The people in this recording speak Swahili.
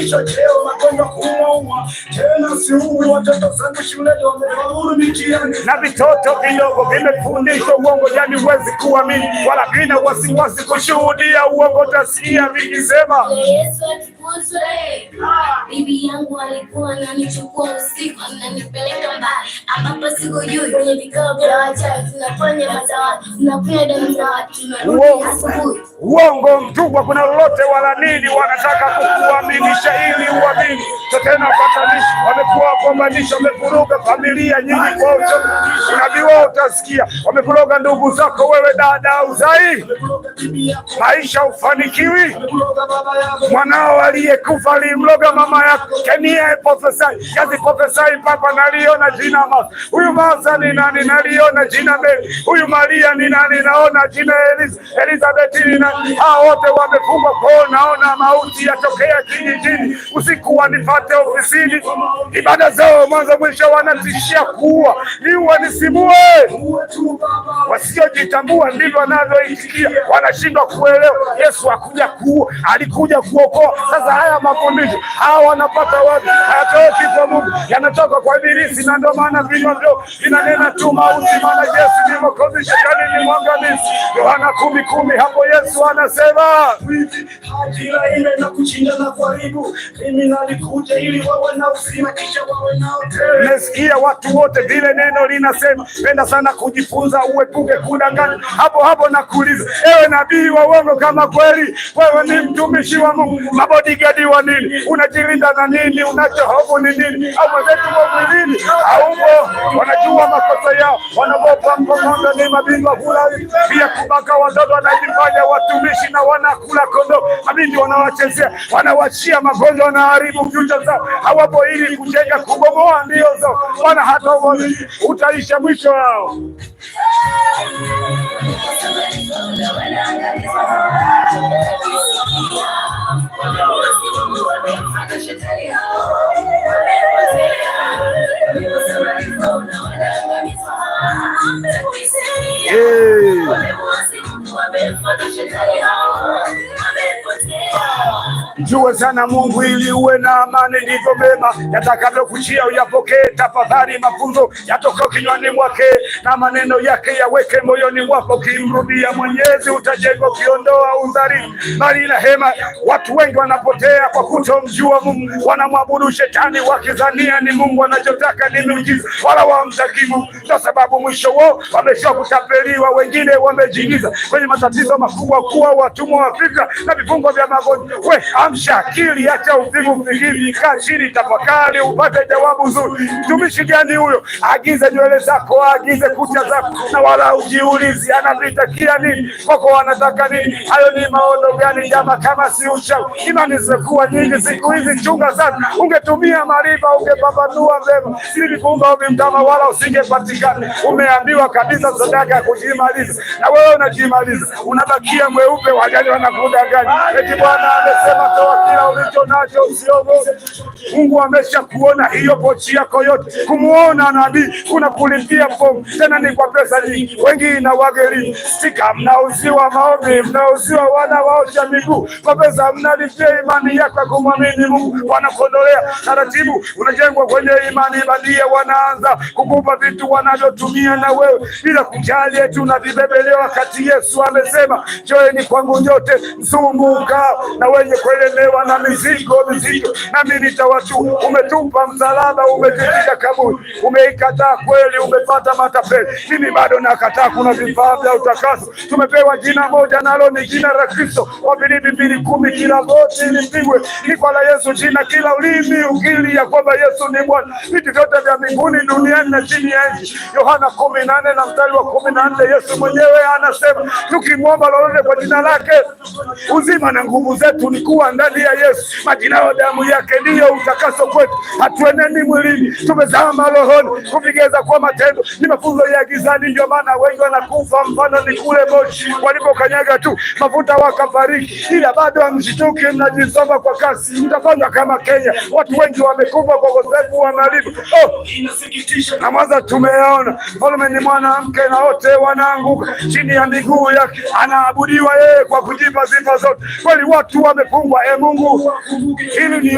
kichocheo, tena watoto wamefaulu mitihani, na vitoto vidogo vimefundishwa uongo, yani huwezi kuamini wala vina wasiwasi kushuhudia uongo, tasikia vikisema bibi uongo mtubwa, kuna lolote wala nini, wanataka kukuaminisha ili uamini. tena. Patanishi wamekuwa wapambanisha, wamekuruga familia nyingi kwa unabii Unabiwa utasikia wamekuroga ndugu zako wewe, dada uzai, maisha ufanikiwi, mwanao aliyekufa alimloga mama yake, niye profesai kazi profesai, papa naliona jina ma huyu masa ni nani, naliona jina Mary, huyu Maria ni nani, naona jina Elizabeth ni nani hao wote wamefungwa kwao. Naona mauti yatokea kijijini, usiku wanipate ofisini, ibada zao mwanzo mwisho wanatishia kuua. Ni wanisimue wasiojitambua, ndivyo wanavyoitikia, wanashindwa kuelewa. Yesu hakuja kuua, alikuja kuokoa. Sasa haya mafundisho hawa wanapata wapi? Hayatoki kwa Mungu, yanatoka kwa Ibilisi, na ndio maana vinywa vyao vinanena tu mauti, maana Yesu ni mwokozi shetani ni mwangamizi. Yohana kumi kumi. Hapo Yesu anasema hadhira ile na kushindana kwa aibu, mimi nalikuja ili wawe na uzima kisha wawe nao tele. Nasikia watu wote vile neno linasema, penda sana kujifunza, uepuke kudanganya. Hapo hapo nakuuliza ewe nabii wa uongo, kama kweli wewe ni mtumishi wa Mungu, mabodigadi wa nini? Unajirinda na nini? Unachohofu ni nini? Au mwenzetu mwilini haupo, wanajua makosa yao, wanaogopa mkomondo. Ni mabingwa wanakula pia kubaka watoto, wanajifanya watumishi na wanakula kondoo. Mabinti wanawachezea, wanawachia magonjwa, wanaharibu kucha zao, hawapo ili kujenga, kubomoa ndio zao, bwana hata utaisha mwisho wao. Hey. Mjue sana Mungu ili uwe na amani, ndivyo mema yatakavyokuchia uyapokee. Tafadhali mafunzo yatoka kinywani mwake na maneno yake yaweke moyoni mwako. Kimrudia Mwenyezi utajengwa, ukiondoa udhari bali na hema. Watu wengi wanapotea kwa kutomjua Mungu, wanamwabudu shetani wakizania ni Mungu anachotaka ni miujiza, wala wamtaki Mungu. Ndio sababu mwisho wao wamesha kutapeliwa, wengine wamejiingiza kwenye matatizo makubwa, kuwa watumwa wa fikra na vifungo vya magonjwa. Amsha akili, acha uvivu, fikiri, kashiri, tafakari, upate jawabu zuri. Mtumishi gani huyo? Agize nywele zako, agize kucha zako, na wala ujiulizi anavitakia nini, kwako wanataka nini? Hayo ni maono gani jama, kama si uchawi? Imani zimekuwa nyingi siku hizi, chunga sana. Ungetumia maarifa, ungepambanua vema, ili kuumba wala usingepatikana. Umeambiwa kabisa sadaka ya kujimaliza, na wewe unajimaliza, unabakia mweupe, wajali wanakudanganya eti Bwana amesema Ondoa kila ulicho nacho Musyogo. Mungu kuona hiyo pochi yako yote. Kumuona nabii kuna kulipia fomu, tena ni kwa pesa nyingi. Wengi na wageri stika, mnauziwa maombi, mnauziwa wana waosha miguu kwa pesa, mnalipia imani yako kumwamini Mungu, wanakondolea taratibu, unajengwa kwenye imani bandia, wanaanza kukupa vitu wanavyotumia na wewe bila kujali eti unavibebelewa, wakati Yesu amesema joeni kwangu nyote msumbukao na wenye kweli umechelewa na mizigo mizito, nami nitawachua. Umetupa msalaba, umetutisha kaburi, umeikataa kweli, umepata matapeli. Mimi bado nakataa. Kuna vifaa vya utakaso, tumepewa jina moja, nalo ni jina la Kristo. Wafilipi mbili kumi, kila goti lipigwe, ni kwa la Yesu jina, kila ulimi ukiri ya kwamba Yesu ni Bwana, vitu vyote vya mbinguni, duniani na chini ya nchi. Yohana kumi na nne na mstari wa kumi na nne Yesu mwenyewe anasema tukimwomba lolote kwa jina lake, uzima na nguvu zetu ni kuwa ndani ya Yesu, majina ya damu yake ndiyo utakaso kwetu. Hatueneni mwilini, tumezama rohoni, kuvigeza kwa matendo ni mafunzo ya gizani. Ndio maana wengi wanakufa, mfano ni kule moshi walipokanyaga tu mafuta wakafariki, ila bado hamshtuki, mnajisoma kwa kasi, mtafanywa kama Kenya. Watu wengi wamekufa kwa ukosefu wa malipo. Oh, na Mwanza tumeona mfalme ni mwanamke na wote wanaanguka chini ya miguu yake, anaabudiwa yeye kwa kujipa sifa zote. Kweli watu wamefungwa Ee Mungu hili